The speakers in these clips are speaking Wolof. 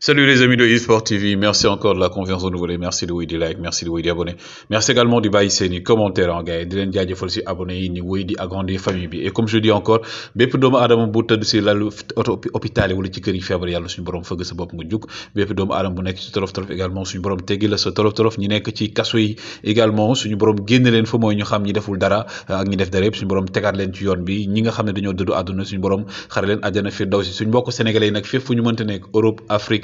Salut les amis de eSport TV, merci encore de la confiance renouvelée, merci de wéy di like, merci de wéy di abonné merci également du bàyyi seen commentaire en hein, gars yi di leen jaajëfal si abonné yi ni wéy di agrandir famille bi et comme je dis encore bépp doomu aadama bu tëdd si lalu oto hôpital yi wala ci kër yi feebar yàlla suñu borom fëgg sa bopp nga jug bépp doomu aadama bu nekk ci tolof tolof également suñu borom teggi sa tolof tolof ñi nekk ci kaso yi également suñu borom génn leen fa ñu xam ñi deful dara euh, ak ñi def dara yëpp suñu borom tegaat leen ci yoon bi ñi nga xam ne dañoo dëddu àdduna suñu borom xare leen àjjana fiir daw si suñu mbokk sénégalais yi nag fu ñu mënte nekk Europe Afrique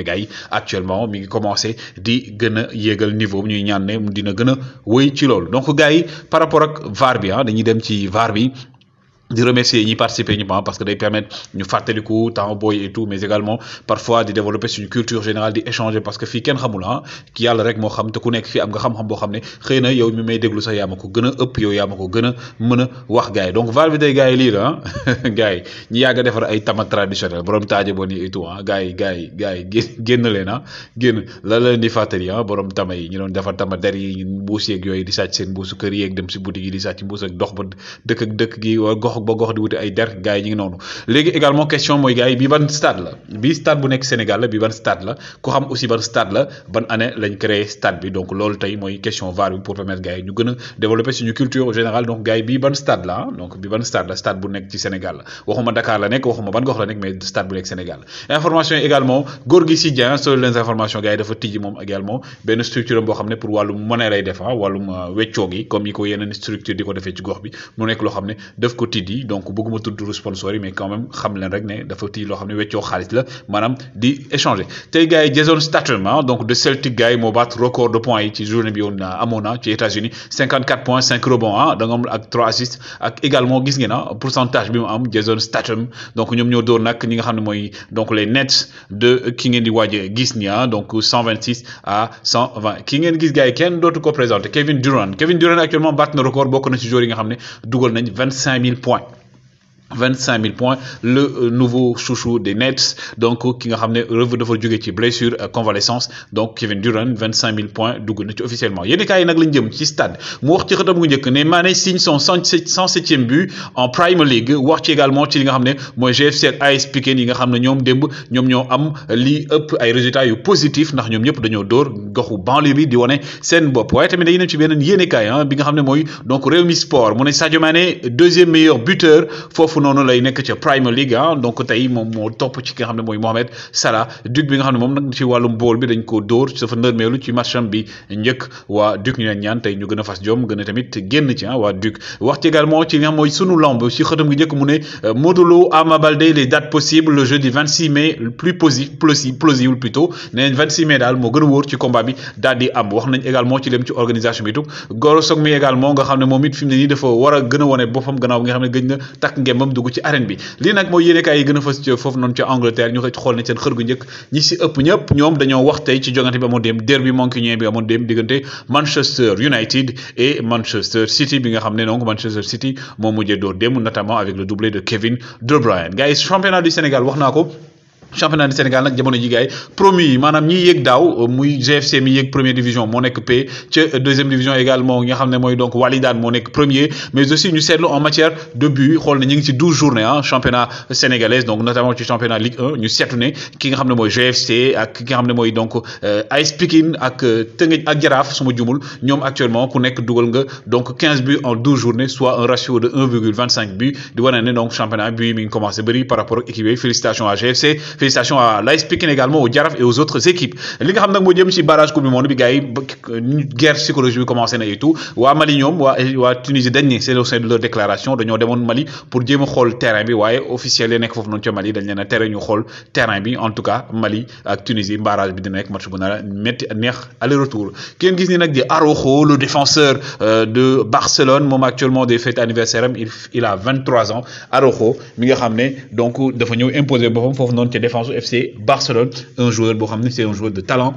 ne gars actuellement mi ngi commencé di gën a yéegal niveau ñuy ñaan ne dina gën a wëy ci lool donc gars yi par rapport ak VAR bi ah dañuy dem ci VAR bi di remercier ñi participer ñëpp ah, parce que day permettre ñu fàttaliku temps booy et tout mais également parfois di développer suñu culture générale di échanger parce que fi kenn xamul hein ki yàlla rek mo xam te ku nekk fi am nga xam-xam bo xam xeyna yow mi may déglu sa yamako gëna ëpp yow yamako gëna mëna wax gaay donc valider gars gaay li la ah gars ñi yàgg défar ay tamat traditionnel borom taaje bo et tout ah gaay gaay gaay yi gars yi génn leen ah, la leen di fàttali borom tama yi ñu doon defar tama der yi mbuus ak yoy di sacc seen mbuusu kër ak dem si boutique yi di sacc mbuus ak dox ba dëkk ak dëkk gi wa gox Bogor ba ay der également question moi gaay bi ban stade la bi stade bu nekk Sénégal la bi ban stade la ku xam aussi ban stade la ban année lañ créé stade bi donc loolu moi mooy question VAR pour permettre gaay ñu gën a développer suñu culture générale donc gaay bi ban stade la ah? donc bi ban stade la stade bu nekk ci Sénégal la waxuma Dakar la nekk waxuma ban gox la nekk mais stade bu Sénégal information également Gorgui Sy Dieng solo leen information gaay dafa tijji moom également structure boo xam ne pour wàllum monnaie lay def ah wàllum euh, weccoo gi comme yi ko yeneen structure di ko defee ci gox bi mu nekk loo xam ne ko donc bëgguma de sponsor yi mais quand même xam leen rek ne dafa tii loo xam ne weccoo xaalis la maanaam di échanger tey gars yi Jason Statham ah, donc de Celtic gars qui moo baat record de points yi ci journée bi woon amoon ci États-Unis 54 points 5 rebonds ah da nga am ak 3 assists ak également gis ngeen ah pourcentage bi mu am Jason Statham donc ñoom ñoo door ñi nga donc les Nets de ki ngeen di waaje gis ni ah, donc 126 à 120 ki ngeen gis gars est kenn dootu ko présenté Kevin Durant Kevin Durant actuellement baat le record bokk na ci joueurs yi nga xam ne nañ 25 000 points. 25 000 points le euh, nouveau chouchou des Nets donc ki nga xam ne revue dafa jóge ci blessure euh, convalescence donc Kevin Durant 25 000 points dugg na ci officiellement yéen kaay yi nag lañ jëm ci stade mu wax ci xëtam Mané signe son 107e but en Premier League wax ci également ci li nga moi ne mooy GFC ak AS Pikine yi nga xam ne ñoom démb ñoo am li ëpp ay résultats yu positif ndax ñoom ñëpp dañoo dóor goxu banlieue bi di wane sen bop waaye tamit dañu dem ci beneen yéen hein bi nga xamné moy donc Rewmi Sport mu ne Sadio Mané deuxième meilleur buteur foofu foofu lay nek ci Premier League hein donc tay mom mo top ci ki nga xamne moy Mohamed Salah Duc bi nga xamne mom nak ci walum bool bi dañ ko dóor dafa nërmeelu ci matcham bi ñeuk wa Duc ñu leen ñaan tay ñu gëna fas jom gëna tamit genn ci ah waa Duc wax ci également ci li nga xam sunu lamb ci xëtam gi njëkk mu ne euh, modulo Lo les dates possibles le jeudi 26 mai plus possible plus plausible plutôt né 26 mai dal mo gëna a ci combat bi dal di am wax nañ également ci lem ci organisation bi tuk Goro Sock mi également nga xamne momit moom it ne nii dafa wara gëna woné bofam wone nga xamne ne gëj na takk ngembam ñoom dugg ci arène bi nak moy yene kay yi gëna a ci fofu non ci Angleterre ñu koy xool ne ci xër gu njëkk ñi ci ëpp ñëpp ñom dañoo wax tay ci jongante bi amoon dem derby mancunien bi amon dem diggante Manchester United et Manchester City bi nga xamné donc Manchester City moo mujjee do dem notamment avec le doublé de Kevin De Bruyne Guys championnat du Sénégal wax ko championnat du Sénégal nak jamono ji premier promis, yi maanaam euh, muy GFC mi première division mo nek P euh, deuxième division également nga est moy donc premier mais aussi ñu sétlu en matière de buts xol na ñi ngi ci journées hein, championnat sénégalais donc notamment ci championnat Ligue 1 ñu seetlu ne ki nga xam moy GFC ak ki nga moy donc euh, AS ak ak suma jumul ñom actuellement ku nek donc buts en 12 journées soit un ratio de 1,25 buts di wone né donc championnat bi mi commencé bari par rapport équipe félicitations à GFC félicitations à l'AS speaking également, au Jaraf et aux autres équipes. li nga xam nak mo jëm ci barrage coupe du monde bi gars yi guerre psychologique bi commencé na et tout Wa Mali ñom wa wa Tunisie dañ ni c'est au sein de leur déclaration dañu démon Mali pour jëm xol terrain bi waye officiel yi nekk foofu noonu Mali dañ leena terrain ñu xol terrain bi en tout cas Mali ak Tunisie barrage bi dina nekk match bu na metti neex aller retour kenn gis ni nak di Araujo le défenseur euh, de Barcelone moom actuellement des fêtes anniversaire am il a 23 ans Araujo mi nga xam ne donc dafa ñeu imposer bopam fofu non ci FC Barcelone un joueur de c'est un joueur de talent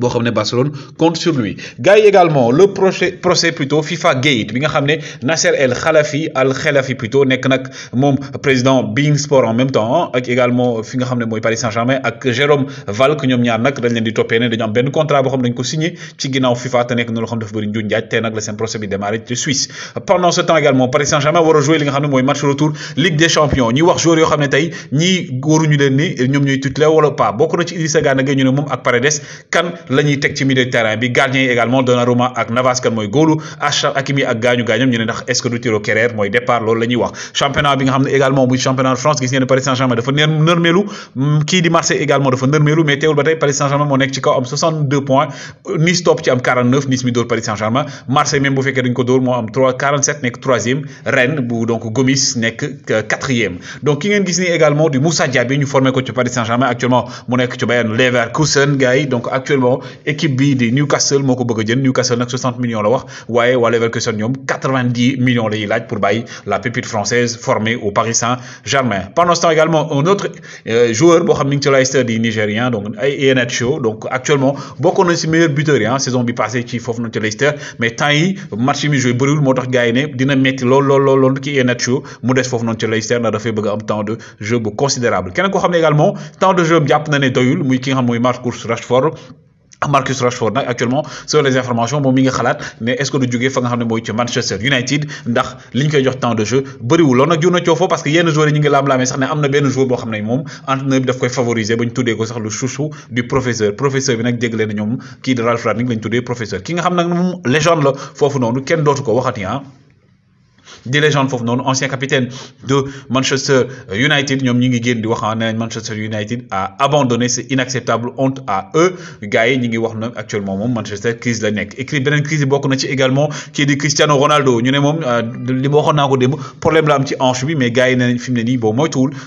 boo Barcelone compte sur lui gars également le procès procès plutôt FIFA Gate bi nga Nasser El Khalafi Al Khalafi plutôt nekk nag moom président Bein Sport en même temps ak également fi nga Moi Paris Saint-Germain ak Jérôme Valk ñoom ñaar nag dañ leen di toppee ne dañu am benn contrat boo xam dañ ko signé ci ginnaaw FIFA te nekk na loo xam dafa bëri njuñ njaaj te nag la seen procès bi démarré ci Suisse pendant ce temps également Paris Saint-Germain war rejouer jouer li nga xam ne match retour Ligue des Champions Ni wax joueurs yoo xam ne tey ñii waruñu leen ni ñoom ñooy titulaire wala pas bokk na ci Idrissa Gana Gueye ñu ne moom ak Paredes kan lañuy tek ci milieu de terrain bi gardien également Donnarumma ak Navas kan mooy góolu Achraf Hakimi ak gañu gañam ñu ne ndax est-ce que du tiro Kerrer moy départ loolu lañuy wax championnat bi nga xam également bu championnat de France gis ngeen Paris Saint-Germain dafa nërmeelu hmm, ki di Marseille également dafa nërmeelu mais teewul batay Paris Saint-Germain mo nek ci kaw am 62 points Nice top ci am 49 Nice mi door Paris Saint-Germain Marseille même bu fekkee dañ ko door mo am 3 47 3 troisième Rennes bu donc Gomis 4 euh, quatrième donc ki ngeen gis ni également du Moussa Diaby ñu formé ko ci Paris Saint-Germain actuellement mo nek ci Bayern Leverkusen gay donc actuellement équipe bi di Newcastle moko ko bëgg a Newcastle nak 60 millions la wax waaye waa Leverkusen ñom 90 millions lay laaj pour bàyyi la pépite française formée au Paris Saint-Germain. Pendant ce temps également un autre euh, joueur bo xam ni ci Leicester di Nigérien donc ay Iheanacho donc actuellement bokkoon nañ si meilleur buteur hein saison bi passée ci fofu noonu ci Leicester mais temps yi match mi joué bëriwul motax gaay gars yi ne dina metti lool lool lool lool ki Iheanacho mu dess fofu noonu ci Leicester ndax dafay bëgg a am temps de jeu bu considérable keneen ko xam également temps de jeu japp na né doyul muy ki nga xam moy Marcus Rashford Marcus Rashford nak actuellement sur les informations moom mi nga xalat ne est-ce que du jógee fa nga xamné ne ci Manchester United ndax liñ koy jox temps de jeu bëriwul wu nag jur na parce que yenn joueurs yi ñu ngi lam lamé sax ne amna na joueur bo xamné mom entraîneur bi daf koy favoriser bañ tuddé ko sax lu chouchou du professeur professeur bi nak jéglee na ñom ki de Ralf Rangnick lañ tuddé professeur ki nga xam nak mom légende la fofu nonu kenn dootu ko waxati hein des légendes foofu non ancien capitaine de Manchester United ñom ñi ngi génn di wax Manchester United a abandonné c'est inacceptable honte à eux gars yi ñi ngi wax na actuellement mom Manchester crise la nek écrit benen crise bokku na ci également est de Cristiano Ronaldo ñu ne moom euh, li waxon nako dem problème la am ci hanche bi mais gars yi neenañ fi mu ne nii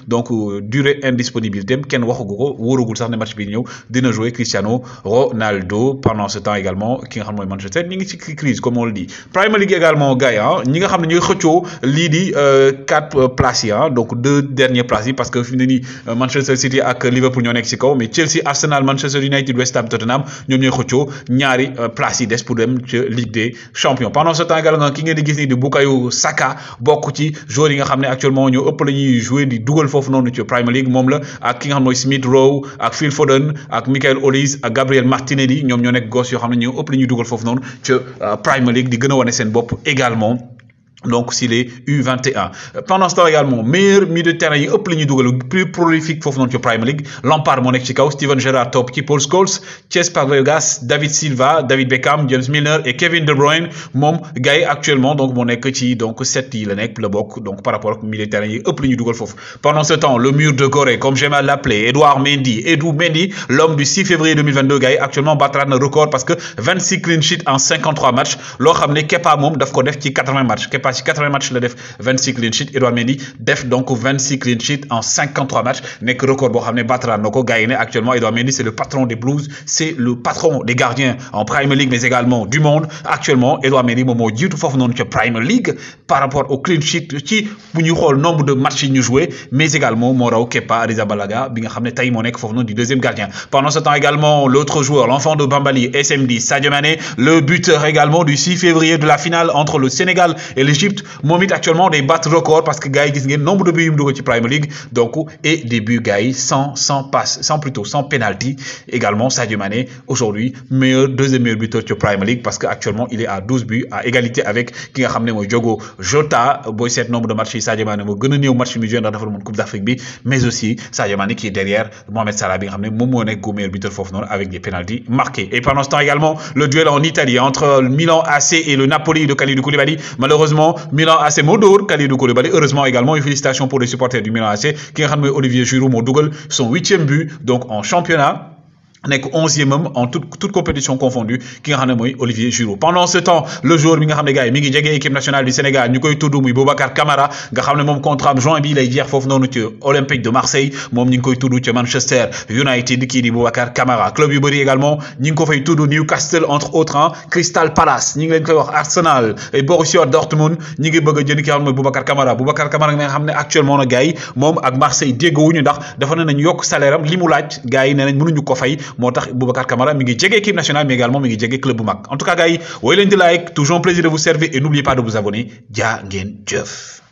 donc euh, durée indisponibilité kenn waxagu ko wóoragul sax ne match bi ñew dina jouer Cristiano Ronaldo pendant ce temps également qui nga xam moy Manchester ñi ngi ci crise comme on le dit Premier League également Gaï, ah, ñi nga xam cho lii di euh, quatre euh, places hein, donc deux derniers places parce que finalement euh, Manchester City ak Liverpool ñoo nekk ci mais Chelsea Arsenal Manchester United West Ham Tottenham ñoom ñooy xëccoo ñaari places des pour dem Ligue des champions pendant ce temps également King ki ngeen di Bukayo Saka bokk ci joueurs yi nga actuellement ñoo ëpp la ñuy jouer di dugal foofu noonu ci Premier League moom la ak ki Smith Rowe ak Phil Foden ak Michael Olise ak Gabriel Martinelli ñoom ñoo nekk gos yoo xam ne ñoo ëpp la ñuy dugal foofu ci Premier League di gën a wane seen également donc s'il est U21 pendant ce temps également meilleur milieu de terrain yi ëpp plus prolifique fofu non ci Premier League Lampard mo nek ci kaw Steven Gerrard Top ci Paul Scholes Cesc Fabregas David Silva David Beckham James Milner et Kevin De Bruyne Mom gars actuellement donc mo nek ci donc 7 yi la nek le bok donc par rapport au milieu de terrain yi ëpp pendant ce temps le mur de Corée comme j'aime à l'appeler Edouard Mendy Edou Mendy l'homme du 6 février 2022 gars actuellement battra un record parce que 26 clean sheet en 53 matchs lo xam Kepa Mom daf ko def ci 80 matchs partie 80 matchs le def 26 clean sheet Edouard Mendy def donc 26 clean sheet en 53 matchs Nek record battre actuellement Edouard Mendy c'est le patron des Blues c'est le patron des gardiens en Premier League mais également du monde actuellement Edouard Mendy Momo, moo jiitu non noonu Premier League par rapport au clean sheet qui bu le nombre de matchs yi ñu mais également moo raw Kepa Arrizabalaga bi nga xam du deuxième gardien pendant ce temps également l'autre joueur l'enfant de Bambali SMD Sadio Mané le buteur également du 6 février de la finale entre le Sénégal et l'Égypte mon mythe, actuellement des battre record parce que Gaï qui gis ngeen nombre de buts du Premier League donc et des buts Gaï sans sans passe sans plutôt sans penalty également Sadio Mané aujourd'hui meilleur deuxième meilleur buteur ci Premier League parce que actuellement il est à 12 buts à égalité avec qui a ramené mon Jota boy set nombre de matchs yi Sadio Mané match mi Coupe d'Afrique B mais aussi Sadio Mané qui est derrière Mohamed Salah qui a ramené mon go meilleur buteur avec des penalty marqués et pendant ce temps également le duel en Italie entre Milan AC et le Napoli de du Koulibaly malheureusement Milan AC Modour, Kali Kalidou Koulibaly heureusement également une félicitation pour les supporters du Milan AC qui Olivier Giroud Modougal, son huitième but donc en championnat n'est qu'onzième même en toute toute compétition confondue ki nga xamné moy Olivier Giroud pendant ce temps le joueur bi nga xamné gars yi mi ngi équipe nationale du Sénégal ñukoy koy tudd muy Boubacar Camara nga xamné mom contrat juin bi lay jeex fofu nonu ci Olympique de Marseille Mom ñing koy tudd ci Manchester United kii di Boubacar Camara club yu bari également ñing ko fay tudd Newcastle entre autres hein, Crystal Palace ñing leen koy wax Arsenal et Borussia Dortmund ñi ngi bëgg a jënd ki nga xam Boubacar Camara Boubacar Camara nga xamné actuellement na gars yi ak Marseille wuñu ndax dafa ne nañ yokk salaire am li laaj gars yi ko fay je suis Boubacar Camara mi ngi équipe nationale mais également mi ngi jege club bu en tout cas gars yi wooyu di like toujours un plaisir de vous servir et n'oubliez pas de vous abonner Je vous jëf